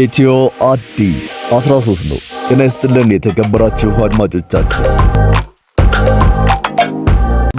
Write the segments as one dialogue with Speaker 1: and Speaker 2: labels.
Speaker 1: ኢትዮ አዲስ 13 ነው። ጤና ይስጥልን የተከበራችሁ አድማጮቻችን።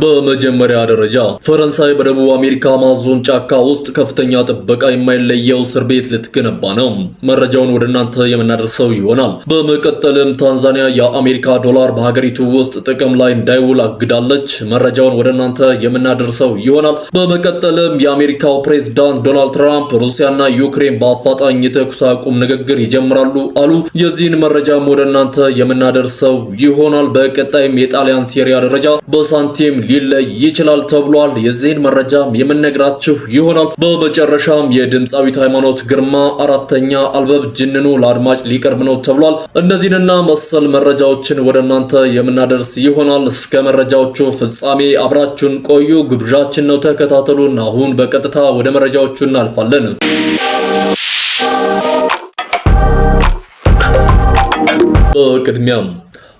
Speaker 1: በመጀመሪያ ደረጃ ፈረንሳይ በደቡብ አሜሪካ ማዞን ጫካ ውስጥ ከፍተኛ ጥበቃ የማይለየው እስር ቤት ልትገነባ ነው። መረጃውን ወደ እናንተ የምናደርሰው ይሆናል። በመቀጠልም ታንዛኒያ የአሜሪካ ዶላር በሀገሪቱ ውስጥ ጥቅም ላይ እንዳይውል አግዳለች። መረጃውን ወደ እናንተ የምናደርሰው ይሆናል። በመቀጠልም የአሜሪካው ፕሬዝዳንት ዶናልድ ትራምፕ ሩሲያና ዩክሬን በአፋጣኝ የተኩስ አቁም ንግግር ይጀምራሉ አሉ። የዚህን መረጃም ወደ እናንተ የምናደርሰው ይሆናል። በቀጣይም የጣሊያን ሴሪያ ደረጃ በሳንቲም ሊለይ ይችላል ተብሏል። የዚህን መረጃ የምነግራችሁ ይሆናል። በመጨረሻም የድምፃዊት ሃይማኖት ግርማ አራተኛ አልበብ ጅንኑ ለአድማጭ ሊቀርብ ነው ተብሏል። እነዚህንና መሰል መረጃዎችን ወደ እናንተ የምናደርስ ይሆናል። እስከ መረጃዎቹ ፍጻሜ አብራችሁን ቆዩ፣ ግብዣችን ነው። ተከታተሉን። አሁን በቀጥታ ወደ መረጃዎቹ እናልፋለን። በቅድሚያም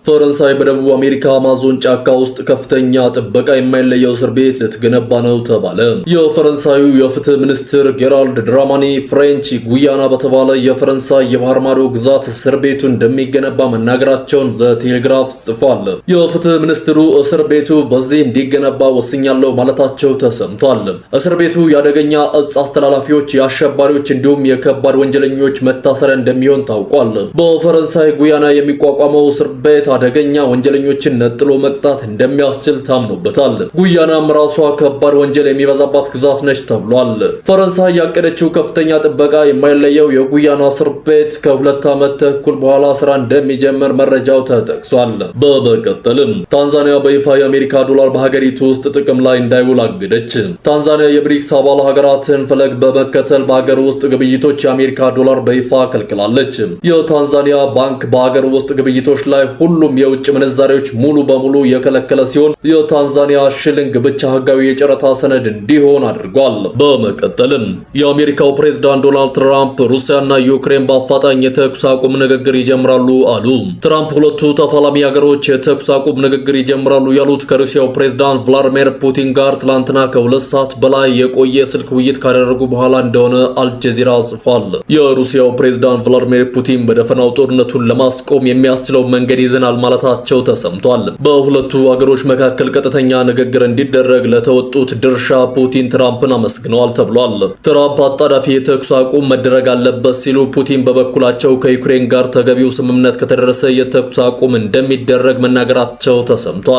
Speaker 1: ፈረንሳይ በደቡብ አሜሪካ አማዞን ጫካ ውስጥ ከፍተኛ ጥበቃ የማይለየው እስር ቤት ልትገነባ ነው ተባለ። የፈረንሳዩ የፍትህ ሚኒስትር ጌራልድ ድራማኒ ፍሬንች ጉያና በተባለ የፈረንሳይ የባህር ማዶ ግዛት እስር ቤቱ እንደሚገነባ መናገራቸውን ዘቴሌግራፍ ጽፏል። የፍትህ ሚኒስትሩ እስር ቤቱ በዚህ እንዲገነባ ወስኛለው ማለታቸው ተሰምቷል። እስር ቤቱ የአደገኛ እጽ አስተላላፊዎች፣ የአሸባሪዎች እንዲሁም የከባድ ወንጀለኞች መታሰሪያ እንደሚሆን ታውቋል። በፈረንሳይ ጉያና የሚቋቋመው እስር ቤት አደገኛ ወንጀለኞችን ነጥሎ መቅጣት እንደሚያስችል ታምኖበታል። ጉያናም ራሷ ከባድ ወንጀል የሚበዛባት ግዛት ነች ተብሏል። ፈረንሳይ ያቀደችው ከፍተኛ ጥበቃ የማይለየው የጉያና እስር ቤት ከሁለት ዓመት ተኩል በኋላ ስራ እንደሚጀምር መረጃው ተጠቅሷል። በመቀጠልም ታንዛኒያ በይፋ የአሜሪካ ዶላር በሀገሪቱ ውስጥ ጥቅም ላይ እንዳይውል አገደች። ታንዛኒያ የብሪክስ አባል ሀገራትን ፈለግ በመከተል በሀገር ውስጥ ግብይቶች የአሜሪካ ዶላር በይፋ ከልክላለች። የታንዛኒያ ባንክ በሀገር ውስጥ ግብይቶች ላይ ሁሉ ሁሉም የውጭ ምንዛሬዎች ሙሉ በሙሉ የከለከለ ሲሆን የታንዛኒያ ሽልንግ ብቻ ህጋዊ የጨረታ ሰነድ እንዲሆን አድርጓል። በመቀጠልም የአሜሪካው ፕሬዝዳንት ዶናልድ ትራምፕ ሩሲያና ዩክሬን በአፋጣኝ የተኩስ አቁም ንግግር ይጀምራሉ አሉ። ትራምፕ ሁለቱ ተፋላሚ ሀገሮች የተኩስ አቁም ንግግር ይጀምራሉ ያሉት ከሩሲያው ፕሬዝዳንት ቭላድሚር ፑቲን ጋር ትላንትና ከሁለት ሰዓት በላይ የቆየ ስልክ ውይይት ካደረጉ በኋላ እንደሆነ አልጀዚራ ጽፏል። የሩሲያው ፕሬዝዳንት ቭላድሚር ፑቲን በደፈናው ጦርነቱን ለማስቆም የሚያስችለው መንገድ ይዘናል ይቻላል ማለታቸው ተሰምቷል። በሁለቱ አገሮች መካከል ቀጥተኛ ንግግር እንዲደረግ ለተወጡት ድርሻ ፑቲን ትራምፕን አመስግነዋል ተብሏል። ትራምፕ አጣዳፊ የተኩስ አቁም መደረግ አለበት ሲሉ፣ ፑቲን በበኩላቸው ከዩክሬን ጋር ተገቢው ስምምነት ከተደረሰ የተኩስ አቁም እንደሚደረግ መናገራቸው ተሰምቷል።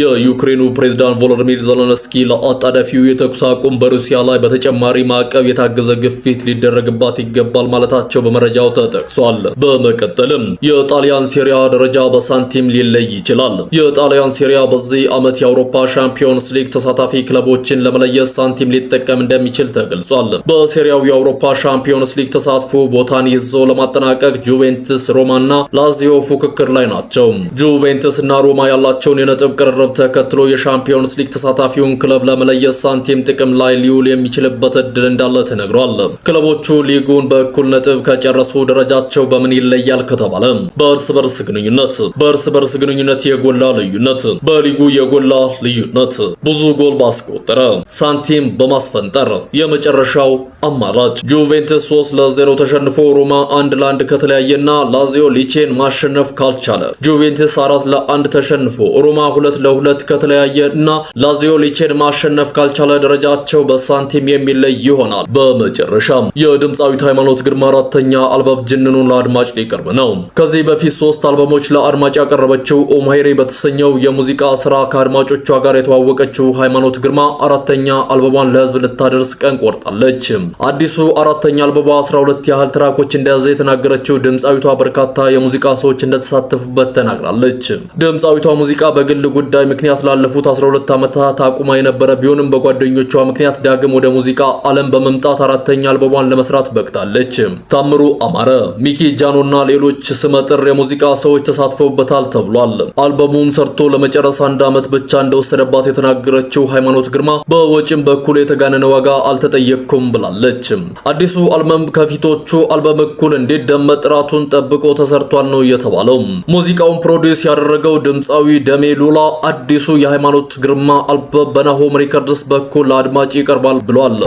Speaker 1: የዩክሬኑ ፕሬዝዳንት ቮሎዲሚር ዘለንስኪ ለአጣዳፊው የተኩስ አቁም በሩሲያ ላይ በተጨማሪ ማዕቀብ የታገዘ ግፊት ሊደረግባት ይገባል ማለታቸው በመረጃው ተጠቅሷል። በመቀጠልም የጣሊያን ሴሪያ ደረጃ በሳን ሳንቲም ሊለይ ይችላል። የጣሊያን ሴሪያ በዚህ ዓመት የአውሮፓ ሻምፒዮንስ ሊግ ተሳታፊ ክለቦችን ለመለየት ሳንቲም ሊጠቀም እንደሚችል ተገልጿል። በሴሪያው የአውሮፓ ሻምፒዮንስ ሊግ ተሳትፎ ቦታን ይዞ ለማጠናቀቅ ጁቬንትስ፣ ሮማ እና ላዚዮ ፉክክር ላይ ናቸው። ጁቬንትስ እና ሮማ ያላቸውን የነጥብ ቅርርብ ተከትሎ የሻምፒዮንስ ሊግ ተሳታፊውን ክለብ ለመለየት ሳንቲም ጥቅም ላይ ሊውል የሚችልበት እድል እንዳለ ተነግሯል። ክለቦቹ ሊጉን በእኩል ነጥብ ከጨረሱ ደረጃቸው በምን ይለያል ከተባለ በእርስ በርስ ግንኙነት በእርስ በርስ ግንኙነት የጎላ ልዩነት፣ በሊጉ የጎላ ልዩነት፣ ብዙ ጎል ባስቆጠረ፣ ሳንቲም በማስፈንጠር የመጨረሻው አማራጭ ጁቬንትስ 3 ለ0 ተሸንፎ ሮማ አንድ ለአንድ ከተለያየና ላዚዮ ሊቼን ማሸነፍ ካልቻለ 4 ለ ለአንድ ተሸንፎ ሮማ ሁለት ለሁለት ከተለያየ እና ላዚዮ ሊቼን ማሸነፍ ካልቻለ ደረጃቸው በሳንቲም የሚለይ ይሆናል። በመጨረሻም የድምፃዊት ሃይማኖት ግርማ አራተኛ አልበም ጅንኑን ለአድማጭ ሊቀርብ ነው። ከዚህ በፊት ሶስት አልበሞች ለአድማጭ ያቀረበችው ኦማይሬ በተሰኘው የሙዚቃ ስራ ከአድማጮቿ ጋር የተዋወቀችው ሃይማኖት ግርማ አራተኛ አልበቧን ለህዝብ ልታደርስ ቀን ቆርጣለች። አዲሱ አራተኛ አልበቧ 12 ያህል ትራኮች እንደያዘ የተናገረችው ድምፃዊቷ በርካታ የሙዚቃ ሰዎች እንደተሳተፉበት ተናግራለች። ድምፃዊቷ ሙዚቃ በግል ጉዳይ ምክንያት ላለፉት 12 ዓመታት አቁማ የነበረ ቢሆንም በጓደኞቿ ምክንያት ዳግም ወደ ሙዚቃ ዓለም በመምጣት አራተኛ አልበቧን ለመስራት በቅታለች። ታምሩ አማረ፣ ሚኪ ጃኖና ሌሎች ስመጥር የሙዚቃ ሰዎች ተሳትፈውበታል። ተገኝቶበታል ተብሏል። አልበሙን ሰርቶ ለመጨረስ አንድ ዓመት ብቻ እንደወሰደባት የተናገረችው ሃይማኖት ግርማ በወጪም በኩል የተጋነነ ዋጋ አልተጠየቅኩም ብላለች። አዲሱ አልበም ከፊቶቹ አልበም እኩል እንዲደመጥ ጥራቱን ጠብቆ ተሰርቷል ነው የተባለው። ሙዚቃውን ፕሮዲውስ ያደረገው ድምፃዊ ደሜ ሉላ አዲሱ የሃይማኖት ግርማ አልበም በናሆም ሪከርድስ በኩል ለአድማጭ ይቀርባል ብሏል።